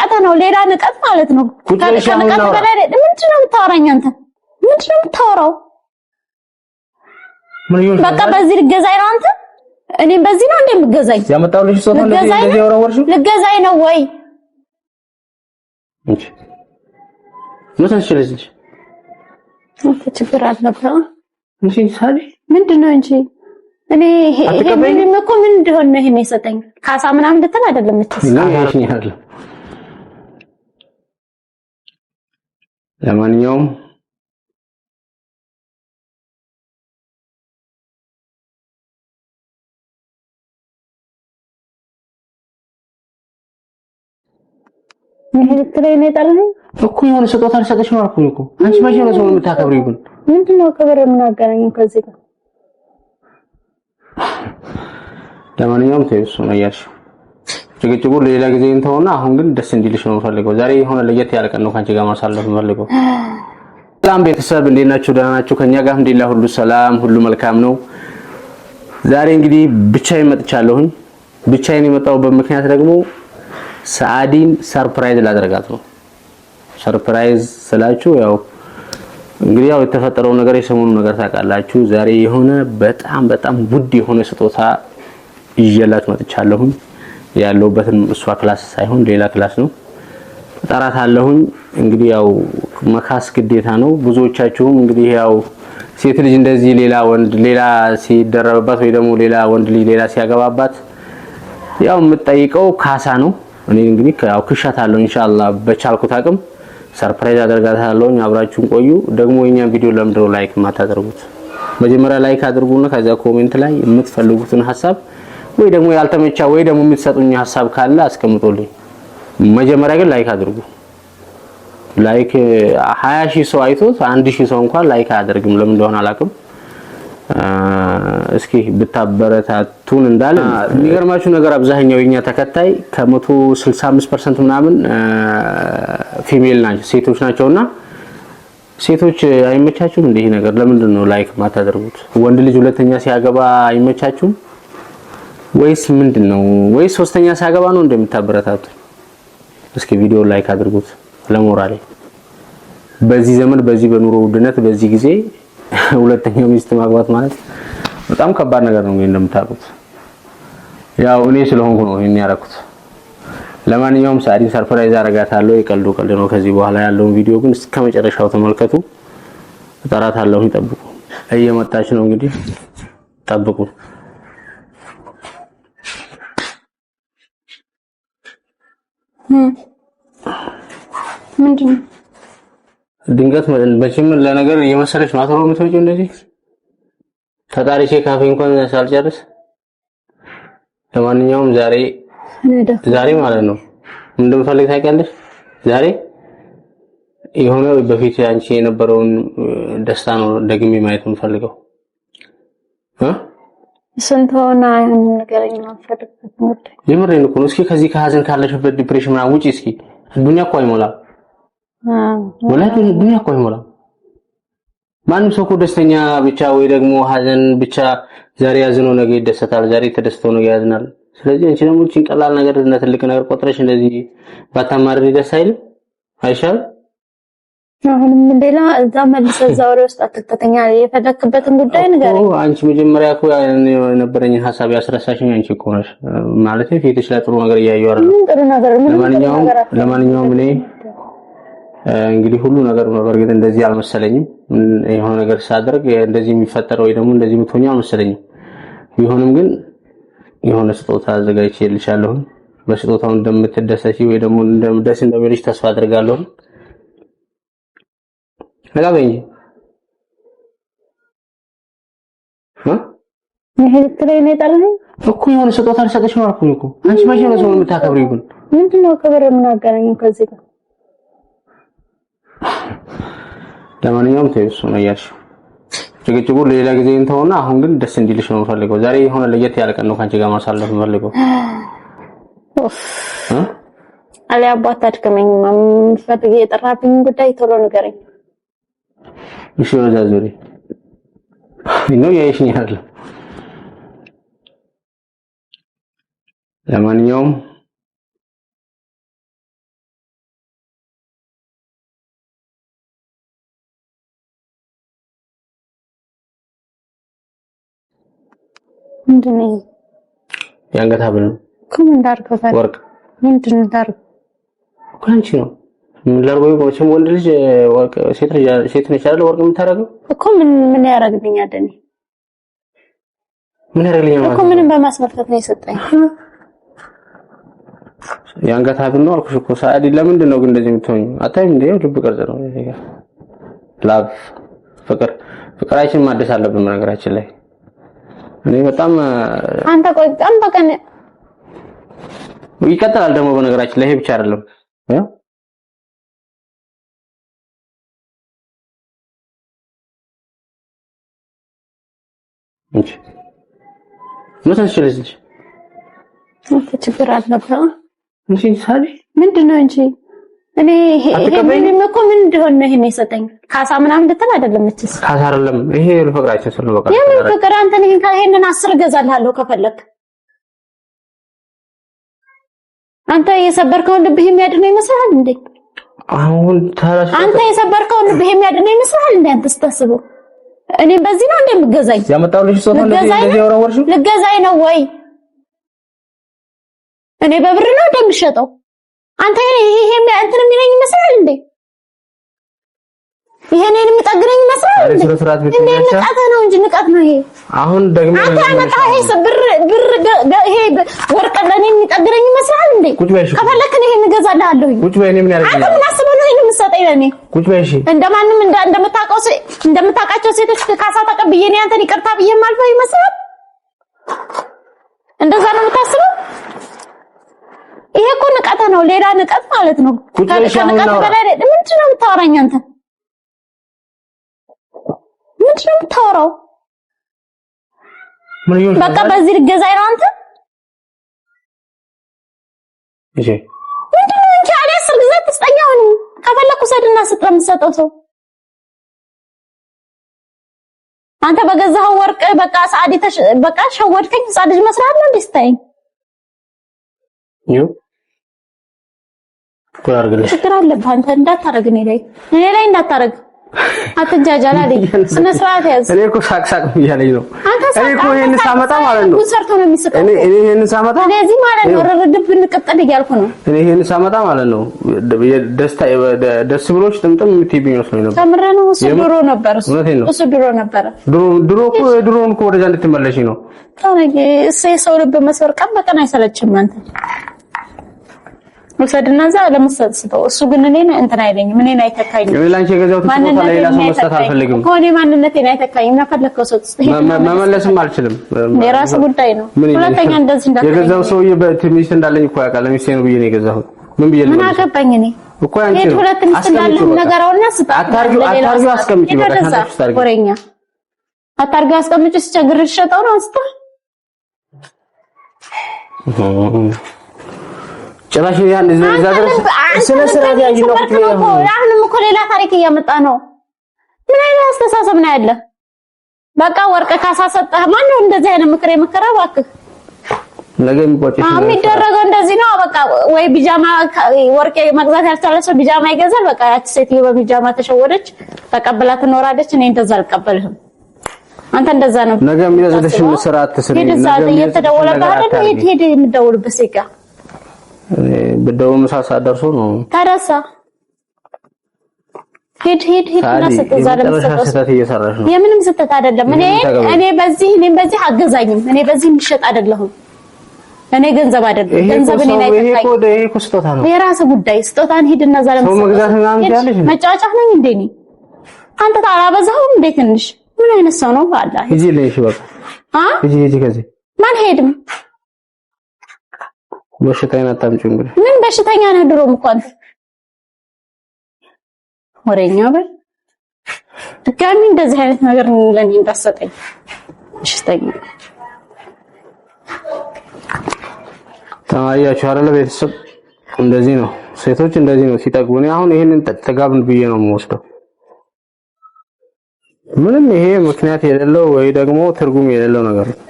ንቀት ነው፣ ሌላ ንቀት ማለት ነው። ከንቀት በላይ ምንድን ነው የምታወራኝ አንተ? ምንድን ነው የምታወራው? በቃ በዚህ ልገዛኝ ነው አንተ? እኔም በዚህ ነው እንደ የምገዛኝ ያመጣው ልጅ ልገዛኝ ነው ወይ እንጂ ችግር አልነበረም እንጂ ምንድን ነው እንጂ እኔ ይሄ ምን እኮ ምን እንደሆነ ነው ይሄን የሰጠኝ ካሳ ምናምን እንድትል አይደለም ለማንኛውም ይሄ ልትለኝ ነው የጠራኸኝ እኮ የሆነ ስጦታ ልሰጥሽ ነው አልኩኝ እኮ አንቺ መቼ ነው ሰውን የምታከብሪው ግን ምንድን ነው ክብር ምን ከዚህ ጋር ለማንኛውም ተይው እሱ እያልሽው ጭቅጭቁ ሌላ ጊዜ እንተውና አሁን ግን ደስ እንዲልሽ ነው የምፈልገው። ዛሬ የሆነ ለየት ያለ ቀን ነው ከአንቺ ጋር ማሳለፍ የምፈልገው። ሰላም ቤተሰብ፣ እንዴት ናችሁ? ደህና ናችሁ? ከኛ ጋር እንዲላ ሁሉ ሰላም፣ ሁሉ መልካም ነው። ዛሬ እንግዲህ ብቻዬን መጥቻለሁኝ። ብቻዬን የመጣሁበት ምክንያት ደግሞ ሰአዲን ሰርፕራይዝ ላደረጋት ነው። ሰርፕራይዝ ስላችሁ ያው እንግዲህ ያው የተፈጠረው ነገር የሰሞኑ ነገር ታውቃላችሁ። ዛሬ የሆነ በጣም በጣም ውድ የሆነ ስጦታ ይዤላት መጥቻለሁኝ። ያለውበትን እሷ ክላስ ሳይሆን ሌላ ክላስ ነው። ጠራት አለሁኝ እንግዲህ ያው መካስ ግዴታ ነው። ብዙዎቻችሁም እንግዲህ ያው ሴት ልጅ እንደዚህ ሌላ ወንድ ሌላ ሲደረብባት ወይ ደግሞ ሌላ ወንድ ልጅ ሌላ ሲያገባባት ያው የምጠይቀው ካሳ ነው። እኔ እንግዲህ ያው ክሻታለሁ ኢንሻአላህ በቻልኩት አቅም ሰርፕራይዝ አደርጋታለሁ። አብራችሁን ቆዩ። ደግሞ የኛን ቪዲዮ ለምድሮ ላይክ ማታደርጉት መጀመሪያ ላይክ አድርጉና ከዛ ኮሜንት ላይ የምትፈልጉትን ሀሳብ ወይ ደግሞ ያልተመቻ ወይ ደግሞ የምትሰጡኝ ሀሳብ ካለ አስቀምጡልኝ። መጀመሪያ ግን ላይክ አድርጉ። ላይክ 20 ሺህ ሰው አይቶት አንድ ሺህ ሰው እንኳን ላይክ አያደርግም። ለምን እንደሆነ አላውቅም። እስኪ ብታበረታቱን እንዳለ የሚገርማችሁ ነገር አብዛኛው የኛ ተከታይ ከ165% ምናምን ፊሜል ናቸው ሴቶች ናቸውና ሴቶች አይመቻችሁም? እንዲህ ነገር ለምንድን ነው ላይክ ማታደርጉት? ወንድ ልጅ ሁለተኛ ሲያገባ አይመቻችሁም? ወይስ ምንድን ነው? ወይስ ሶስተኛ ሲያገባ ነው እንደምታበረታቱ? እስኪ ቪዲዮ ላይክ አድርጉት። ለሞራሌ በዚህ ዘመን በዚህ በኑሮ ውድነት በዚህ ጊዜ ሁለተኛው ሚስት ማግባት ማለት በጣም ከባድ ነገር ነው እንደምታውቁት። ያው እኔ ስለሆንኩ ነው ይሄን ያደረኩት። ለማንኛውም ሳዲን ሰርፕራይዝ አደርጋታለሁ። የቀልዱ ቀልድ ነው። ከዚህ በኋላ ያለውን ቪዲዮ ግን እስከ መጨረሻው ተመልከቱ። እጠራታለሁ። ይጠብቁ። እየመጣች ነው እንግዲህ ጠብቁ። ምንድን ነው ድንገት መቼም ለነገር እየመሰለች ነው አትሮ የምትወጪው እንደዚህ ተጣሪቼ ካፌ እንኳን ሳልጨርስ። ለማንኛውም ዛሬ ዛሬ ማለት ነው እንደምፈልግ ታውቂያለሽ። ዛሬ የሆነ በፊት አንቺ የነበረውን ደስታ ነው ደግሜ ማየት የምፈልገው። ስንት ሆነ? አይሆንም ንገረኝ። የምሬን እኮ ነው። እስኪ ከዚህ ከሀዘን ካለሽበት ዲፕሬሽን ምናምን ውጪ እስኪ። ዱንያ እኮ አይሞላም፣ ወላሂ ዱንያ እኮ አይሞላም። ማንም ሰው እኮ ደስተኛ ብቻ ወይ ደግሞ ሀዘን ብቻ፣ ዛሬ ያዝነው ነገ ይደሰታል፣ ዛሬ ተደስተው ነገ ያዝናል። ስለዚህ አንቺ ደግሞ ቀላል ነገር እንደ ትልቅ ነገር ቆጥረሽ እንደዚህ ባታማርሪ ደስ አይልም? አይሻልም? አሁንም ሌላ እዛ መልሰ እዛ ወሬ ውስጥ አትከተኛ። የፈለክበትን ጉዳይ ንገረኝ። አንቺ መጀመሪያ እኮ የነበረኝ ሀሳብ ያስረሳሽኝ አንቺ እኮ ነሽ። ማለት ፊትሽ ላይ ጥሩ ነገር እያየሁ አይደል? ምን ጥሩ ነገር ለማንኛውም ለማንኛውም እኔ እንግዲህ ሁሉ ነገር በእርግጥ እንደዚህ አልመሰለኝም። የሆነ ነገር ሳደርግ እንደዚህ የሚፈጠረው ወይ ደግሞ እንደዚህ የምትሆኝ አልመሰለኝም። ቢሆንም ግን የሆነ ስጦታ አዘጋጅቼልሻለሁ። በስጦታው እንደምትደሰሺ ወይ ደግሞ ደስ እንደሚልሽ ተስፋ አድርጋለሁ። በጣም ነኝ እኮ የሆነ ስጦታ ልሰጥሽ ነው አልኩኝ እኮ። አንቺ መቼ ነው ሰውን የምታከብሪው? ምንድን ነው ክብር ከዚህ ጋር? ለማንኛውም ተይው፣ እሱ ነው እያልሽው ጭቅጭቁ ሌላ ጊዜ እንተውና፣ አሁን ግን ደስ እንዲልሽ ነው የምፈልገው። ዛሬ የሆነ ለየት ያለ ቀን ነው ከአንቺ ጋር ማሳለፍ የምፈልገው። አለ አባት አድክመኝ፣ የጠራብኝ ጉዳይ ቶሎ ንገረኝ። እሺ ወደዛ ዙሪ ነው ያይሽኝ አይደለም። ለማንኛውም ምንድን ነው የአንገት ሀብል ነው። ከምን ዳርገው ወርቅ ምንድን ዳርገው እኮ አንቺ ነው ለርጎኝ መቼም ወንድ ልጅ ሴት ልጅ ሴት ነች አይደል? ወርቅ የምታደርገው እኮ ምን ምን ያደርግልኛል? እኔ ምን ያደርግልኛል እኮ ምንም በማስመልከት ነው የሰጠኝ። የአንገት ሀብል ነው አልኩሽ እኮ ሳዲ። ለምንድን ነው ግን እንደዚህ የምትሆኝ? አታይም እንዴ? ልብ ቅርጽ ነው። ላቭ ፍቅር ፍቅራችን ማደስ አለብን። በነገራችን ላይ እኔ በጣም አንተ ቆይ በጣም በቀን ይቀጥላል ደግሞ በነገራችን ላይ ይሄ ብቻ አይደለም እንጂ ምን ታስችለሽ እንጂ ችግር አልነበረም። እንጂ ሳቢ ምንድን ነው እንጂ እኔ ምንም እኮ ምን እንደሆነ ነው ይሄን የሰጠኝ ካሳ ምናምን እንድትል አይደለም። እችስ ካሳ አይደለም ይሄ ለፍቅራችን ስል ነው። በቃ የምን ፍቅር አንተ ነኝ ይሄንን አስር እገዛልሃለሁ ከፈለክ አንተ የሰበርከውን ልብህ የሚያድነው ይመስልሃል እንዴ? አሁን ታላሽ አንተ የሰበርከውን ልብህ የሚያድነው ይመስልሃል እንዴ? አንተ ስታስበው እኔም በዚህ ነው እንደ ምገዛኝ ያመጣሁልሽ ሶፋ ልገዛኝ ነው ወይ? እኔ በብር ነው እንደምሸጠው። አንተ ይሄ ይሄ እንትን የሚለኝ ይመስላል እንዴ? ይሄን የሚጠግነኝ ይመስላል እንዴ? ንቀት ነው እንጂ ንቀት ነው ይሄ። አሁን ደግሞ አንተ ያመጣህ ይሄ ብር ብር ይሄ ወርቅ ለእኔ የሚጠግነኝ ይመስላል እንዴ? ከፈለክ ይሄን እገዛልሃለሁ። አንተ ምን አስበህ ነው ይሄን የምትሰጠኝ እንደማንም እንደምታውቀው እንደምታውቃቸው ሴቶች ካሳ ተቀብዬ እኔ አንተን ይቅርታ ብዬ ማልፈው ይመስላል። እንደዛ ነው የምታስበው? ይሄ እኮ ንቀት ነው፣ ሌላ ንቀት ማለት ነው። ከንቀት በላይ ምንድን ነው የምታወራኝ አንተ? ምንድን ነው የምታወራው? በቃ በዚህ ልገዛኝ ነው አንተ? እሺ ምንድን ነው እንጂ አለ ስልክ ዘት ስጠኛውን ከፈለኩ ሰድና ስጥ ለምትሰጠው ሰው አንተ በገዛኸው ወርቅ በቃ ሰዓዲ በቃ ሸወድከኝ። ህፃን ልጅ መስራት ነው እንዲስታይኝ ይሁ ቁራርግልሽ ችግር አለብህ አንተ እንዳታረግ እኔ ላይ እኔ ላይ እንዳታረግ አትጃጃል አለኝ። ስነ ስርዓት ያዝ። እኔ እኮ ሳቅ ሳቅ እያለኝ ነው። እኔ እኮ ይሄን ሳመጣ ማለት ነው ሰርቶ ነው የሚሰጠው። እኔ ይሄን ሳመጣ ማለት ነው እያልኩ ነው። እኔ ይሄን ሳመጣ ማለት ነው ደስታ ደስ ብሎሽ ጥምጥም የምትይብኝ መስሎኝ ነበር። ነው። እሱ ድሮ ነበር፣ እሱ ድሮ ነበር። ድሮ ድሮ እኮ እኮ ወደዛ ነው። ታነጊ ልብ መስበር ቀን በቀን አይሰለችም አንተ ውሰድና እዛ ለምትሰጥስተው እሱ ግን እኔን እንትን አይለኝም፣ እኔን አይተካኝም። ለአንቺ የገዛሁት ስጦታ ለሌላ ሰው መስጠት አልፈልግም እኮ እኔ ማንነቴን አይተካኝም። ለፈለከው ሰው ስጥ፣ መመለስም አልችልም። የራስ ጉዳይ ነው። ሁለተኛ እንደዚህ እንዳታ የገዛው ሰውዬ በሚስት እንዳለኝ እኮ ያውቃል። ለሚስቴ ነው ብዬ ነው የገዛሁት። ምን ብዬ ነው ምን አገባኝ እኔ እኮ አንቺ ሁለት ሚስት እንዳለህ ነገራውና ስጣ። አታርጊው፣ አታርጊው፣ አስቀምጪ። በቃ ወሬኛ አታርጊው፣ አስቀምጪ። ሲቸግርሽ ሸጠው ነው አንስታ ጭራሽ ያን እዚህ እዛ ስለ ስራ ያንጂ ነው እኮ። አሁንም እኮ ሌላ ታሪክ እያመጣ ነው። ምን አይነት አስተሳሰብ ነው ያለ? በቃ ወርቅ ካሳ ሰጠህ። ማን ነው እንደዚህ አይነት ምክር የመከረህ? እባክህ ነገ የሚቆጭሽ ነው። የሚደረገው እንደዚህ ነው። በቃ ወይ ቢጃማ ወርቅ መግዛት ያልቻለ ሰው ቢጃማ ይገዛል። በቃ ያቺ ሴትዮ በቢጃማ ተሸወደች፣ ተቀብላ ትኖራለች። እኔ እንደዛ አልቀበልህም። አንተ እንደዛ ነው ነገ የሚያዘልሽን ስርዓት ትስሪ። ነገ እየተደወለብህ አይደል? ሄድ ሄድ የምደውልበት ሴት ጋር ብደው ምሳ ሰዓት ነው። ታዳሳ ሂድ ሂድ ሂድ እና ስትዛ ነው። የምንም ስህተት አይደለም። እኔ እኔ በዚህ እኔ በዚህ አገዛኝም እኔ በዚህ የምሸጥ አይደለሁም። እኔ ገንዘብ አይደለም ገንዘብ እኔ ላይ ተካይ ይሄ ኮዴ ይሄ ስጦታ ነው። የራስህ ጉዳይ ስጦታን ሂድ እና ዛለም መግዛት ያለሽ መጫወቻ ነኝ እንዴ እኔ አንተ ታላበዛሁም እንዴ ትንሽ ምን አይነት ሰው ነው አላ ሂጂ ለሽ በቃ አ ሂጂ ሂጂ ከዚህ ማን ሄድም በሽታዬን አታምጪው። እንግዲህ ምን በሽተኛ ነህ? ድሮም እኮ አንተ ወሬኛ በል። ድጋሚ እንደዚህ አይነት ነገር ለኔ እንዳሰጠኝ በሽተኛ ታያችሁ አይደለ? ቤተሰብ እንደዚህ ነው፣ ሴቶች እንደዚህ ነው ሲጠግቡ። እኔ አሁን ይሄንን ተጋብን ብዬ ነው የምወስደው። ምንም ይሄ ምክንያት የሌለው ወይ ደግሞ ትርጉም የሌለው ነገር ነው።